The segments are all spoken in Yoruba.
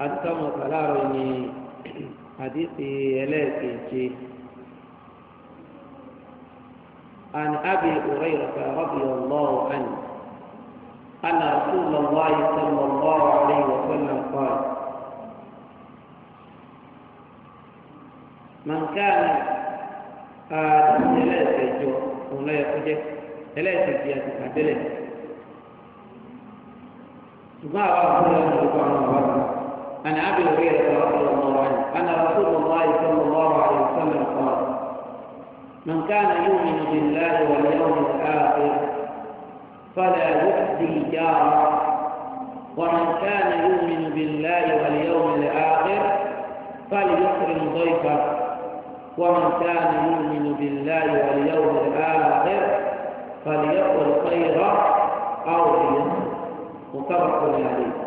àti táwọn kàláàrọ̀ ni àdìsí ẹlẹ́ẹ̀kejì. عن أبي هريرة رضي الله عنه أن رسول الله صلى الله عليه وسلم قال من كان آدم ثلاثة جو ولا يخرج ثلاثة جيات قبله ما أعرف أن الله عن أبي هريرة رضي الله عنه أن رسول الله صلى الله عليه وسلم قال من كان يؤمن بالله واليوم الآخر فلا يؤذي جاره ومن كان يؤمن بالله واليوم الآخر فليكرم ضيفه ومن كان يؤمن بالله واليوم الآخر فليقل خيرا أو ليصمت متفق عليه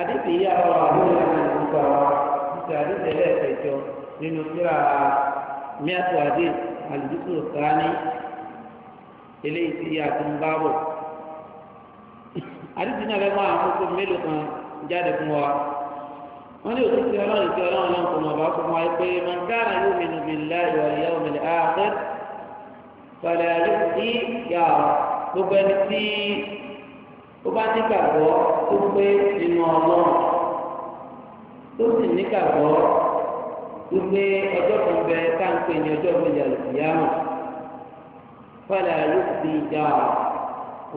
àdìsí yìí àwọn àdúrà náà ń gbà wá àdìsí àdìsí ẹlẹ́ẹ̀kẹjọ nínú síra miatu adi alibisu sani eléyìí tí a ti ń bá bọ̀ àdìsí náà fẹ́ mọ́ àwọn tó mélòó kan jáde fún wa wọ́n ní òtún ti ọlọ́run ti ọlọ́run náà kò mọ̀ bá fún wa pé man kana yu'minu billahi wal yawmil akhir fala yóò sí yàrá gbogbo ẹni tí. tó bá nígbàgbọ́ tó pé nínú ọlọ́run tó sì nígbàgbọ́ tó pé ọjọ́ kan bẹ káńpé ní ọjọ́ ìgbẹ́jà lòdìyàmù fọlá ló ti dá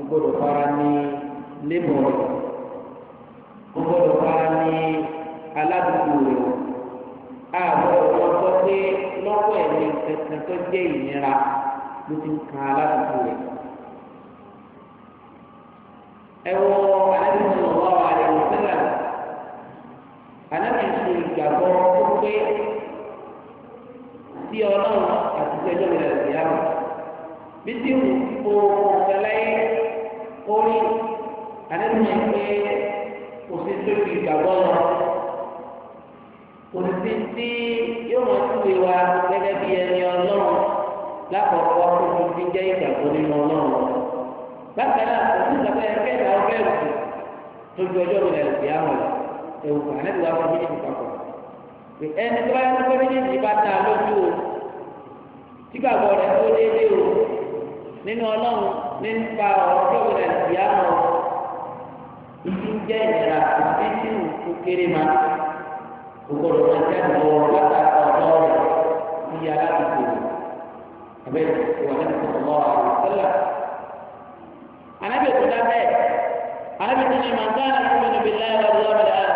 gbogbo fara ní lébọ̀ gbogbo fara ní aládùúgbò rẹ̀ àbọ̀ wọn sọ pé lọ́wọ́ ẹ̀ ní kẹsàn tó jẹ́ ìnira ló ti ń kan aládùúgbò ẹwọ anabi sallallahu alaihi wasallam anabi ṣe ìgbàgbọ́ tó pé sí Ọlọ́run àti ìṣẹjọ ìlànà ìyàwó bí tí o kọkànláyé orí anabi ṣe pé kò sí sórí ìgbàgbọ́ lọ kò sí sí yóò mọ síbi wa gẹ́gẹ́ bí ẹni Ọlọ́run lákòókò tó ti jẹ ìgbàgbọ́ nínú Ọlọ́run bákan náà kò sí ìgbà pé ẹgbẹ́ ìgbà ọgbẹ́ ìlú tó ju ọjọ́ mi lẹ́nu ìyá wọn lọ ewu kan ẹni wà fún méjèèjì papọ̀ ẹni tó bá yẹ kó méjèèjì bá ta lójú o tígbàgbọ́ rẹ̀ tó déédéé o nínú ọlọ́run nípa ọjọ́ mi lẹ́nu ìyá wọn ìdí ń jẹ́ ìlera ìdí tó kéré ma ògbọ́dọ̀ máa jẹ́ ìwọ látàkọ ọ̀dọ́ rẹ̀ anabi kò dá bẹ́ẹ̀ anabi tún ní màá gánà fún mi níbi láyé wà lọ́wọ́ rẹ̀ á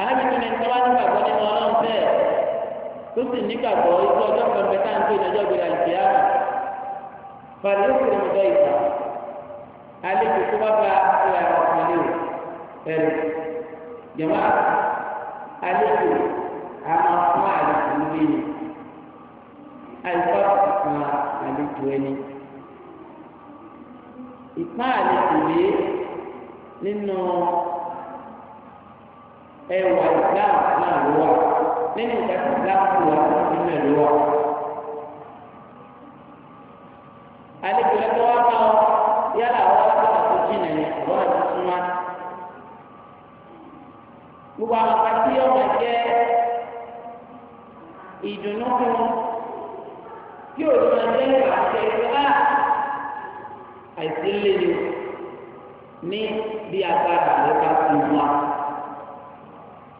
anabi tún ní tọ́wá nígbàgbọ́ nínú ọlọ́run bẹ́ẹ̀ tó sì nígbàgbọ́ ikú ọjọ́ kan bẹ́ẹ̀ táà ń pè lọ́jọ́ gbéra ìgbé àmà fàlẹ́ ó kéré mọ́tọ́ ìgbà àlejò tó bá ba ìwà ìwàlẹ́ o ẹ̀rù jẹ̀mọ́ àlejò àmọ́ fún àlejò nílé ni àìsàn àlejò ẹni. ìpáàlì tèlé nínú ẹwà náà ló wà nínú ìgbà tí islam wà nínú ẹ̀ ló wà. àlejò lẹ́tọ́ wá bá ọ yálà àwọn tó jìnnà yẹn àti súnmá. gbogbo àwọn pàtí ọmọ jẹ́ ìdùnnú fún un kí àìsí lè ní ní bí agbára rẹ bá ti wá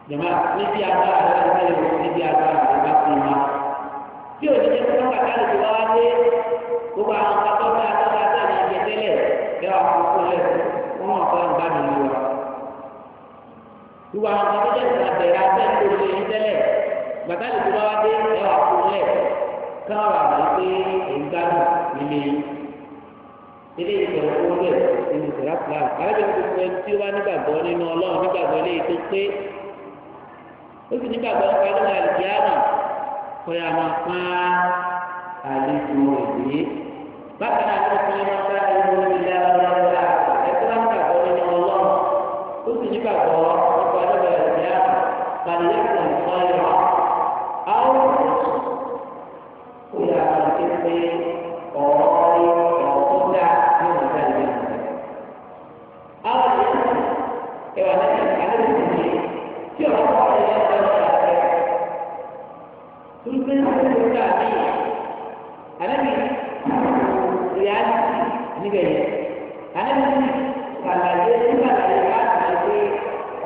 jọba ní bí agbára rẹ bá ti wá ní bí agbára rẹ bá ti wá tí o ní jẹ kí wọn bàtà lè fi wá wá dé gbogbo àwọn akọ bá a bá a ní ẹgbẹ tẹ́lẹ̀ ẹ wà fún fún ẹ wọn wọn kọ ọgbà mi lù gbogbo àwọn akọ tó jẹ bẹ̀rẹ̀ abẹ tó lè yín tẹ́lẹ̀ bàtà lè fi wá dé ẹ fún ẹ káwọn àgbà ilé ìgbẹ̀wò owó rẹ̀ nínú ìgbàlá alábẹ́ gbogbo ẹni tí ó bá nígbàgbọ́ nínú ọlọ́run nígbàgbọ́ ilé tó pé ó sì nígbàgbọ́ nípa nínú àlùkìyàmà kọ́ya máa pa àlejò rẹ̀ bákan náà tó fún ọmọ ẹni nígbàgbọ́ nínú ọlọ́run ó sì nígbàgbọ́ Tuntun tuntun ka bi anabi reality níbẹ̀ yẹn anabi ti kàlàyé nígbàlàyé wá àgbàgbé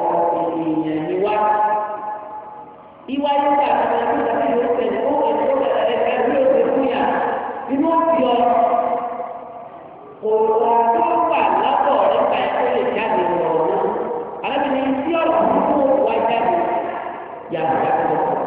ọ̀sẹ̀ èèyàn ni wá. Iwá yóò gbà tó ẹ kó tàbí ìwé sẹ̀lẹ̀ ó wẹ̀ tó bẹ̀rẹ̀ ẹ̀ka bí ó ti fún yà nínú òbí ọ. Kò wá tó gbà lọ́pọ̀ nípa ẹ̀kọ́ lè jáde lọ́wọ́. Anabi ni tí ọ̀sùn tó wá jáde yàtọ̀ yàtọ̀.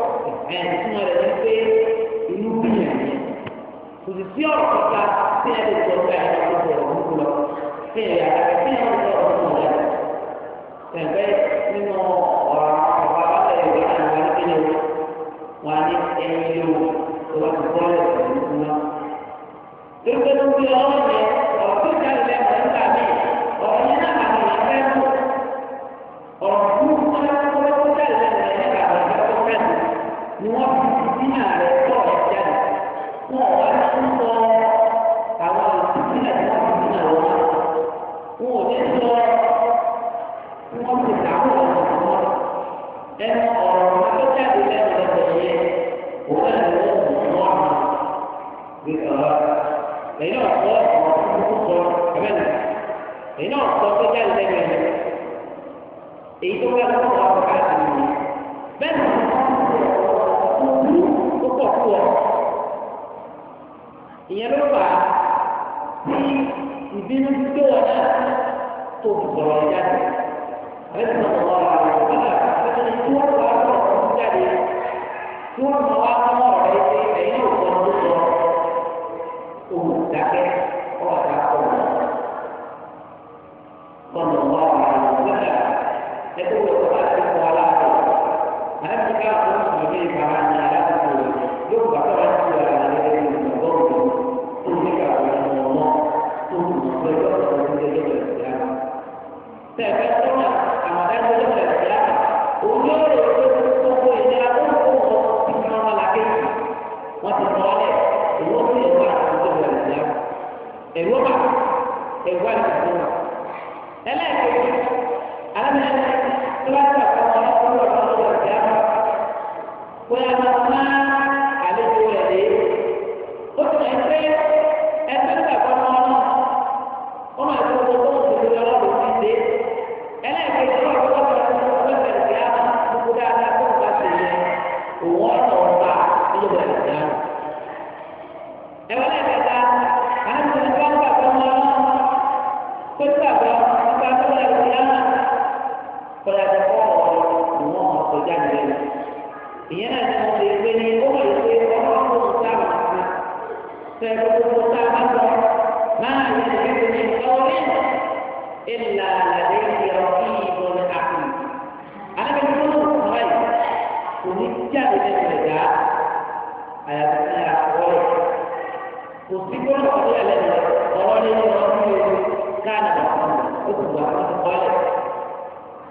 ẹ̀ túmọ̀ rẹ̀ ní pé inú bíyàn ni kò sì sí ọ̀rọ̀ kọta tí ẹ lè sọ pé àwọn ọmọ ọ̀rọ̀ gbogbo lọ tí ẹ yà á tí ẹ lè sọ ọ̀rọ̀ gbogbo lọ nínú ọ̀rọ̀ ọ̀pá bàtà ìwé àwọn ọmọ ìpínlẹ̀ wọn ní ẹ̀yìn ìlú wọn ti bọ́ lẹ́sẹ̀ nígbà. tó ń gbé ọlọ́dẹ lẹ́yìn náà sọ ọ̀rọ̀ tó sọ ẹ̀mẹ́ nà lẹ́yìn náà sọ tó jáde lẹ́nu ẹ̀ èyí tó bá lọ́wọ́ wà wọ́n káàdì nìyí bẹ́ẹ̀ ni ó pọ̀ kú ọ ìyẹn ló fà á sí ìbínú tó wọ̀ náà tó fi sọ̀rọ̀ ẹ̀ jáde ẹ̀ ti sọ̀rọ̀ wọ́n wà wọ́n káàdì nìyí tí wọ́n wà wọ́n jáde tí wọ́n mọ̀ wá sọ́mọ́ ọ̀rẹ́ yìí dákẹ́ ọwọ́ ta kọ̀ wọ́n. Bọ́lá ọ̀gá ọ̀gá ọ̀gá ẹgbẹ́ wọ̀lọ́ bá ti kọ́ aláàbò. Àyẹ̀kọ́ ká àwọn ìgbàgbé ìbára ní aláàbò yóò gbà tó láti wà lálẹ́ ìgbàgbọ́ tó ní ìgbàgbọ́ ọmọ tó ń gbàgbọ́ ọ̀gá ọ̀gá ọ̀gá ẹ̀rọ bá ẹ̀wá ìdàgbọ́n ẹlẹ́ẹ̀kejì kọ́lá tó kọ́ ọ̀rọ̀ ni wọ́n mọ̀ kọjá nílẹ̀ ìyẹn náà ni mo lè gbé ní ó mọ̀ lè gbé ọmọ tó ń sábà kan fẹ́ẹ́ tó tó sábà sọ máa ní ìdíje ní ìtọ́wé ìlà àlàyé ìyẹ̀wò kí ìbò ní àkùn. Àlẹ́ mi ló ń sọ ẹ̀ kò ní jáde nínú ẹ̀dá àyàfi ní àkọ́wé. Kò sí gbọ́dọ̀ ọ̀rẹ́ ẹ̀lẹ́dẹ̀ẹ́ ọ̀rọ̀ nínú ọdún yòókù káàdì àkọ́wé ó kù wà fún ọ̀rẹ́.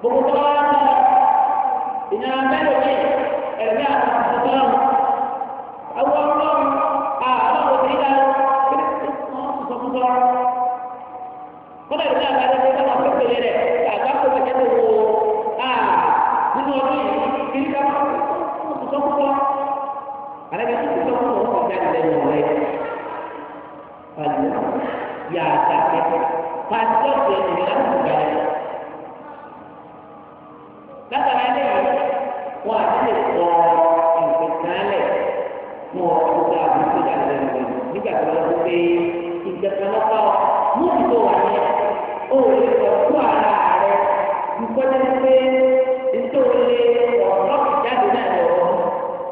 gbogbo tó bá wá ń bá ìyá mẹ́rin ní ẹ̀mí àti àtúntò náà. pé ìjẹ̀kan lọ́pọ̀ wà ní o lè sọ fún ara rẹ nǹkan pé nítorí ọ̀rọ̀ jáde náà lọ́wọ́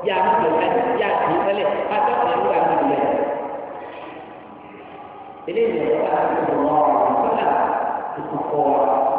yà á mú ìlànà yà á di tẹ́lẹ̀ pátá kan eléyìí ló bá ti sọ̀rọ̀ ọ̀rọ̀ nígbà tó kọ̀ wá.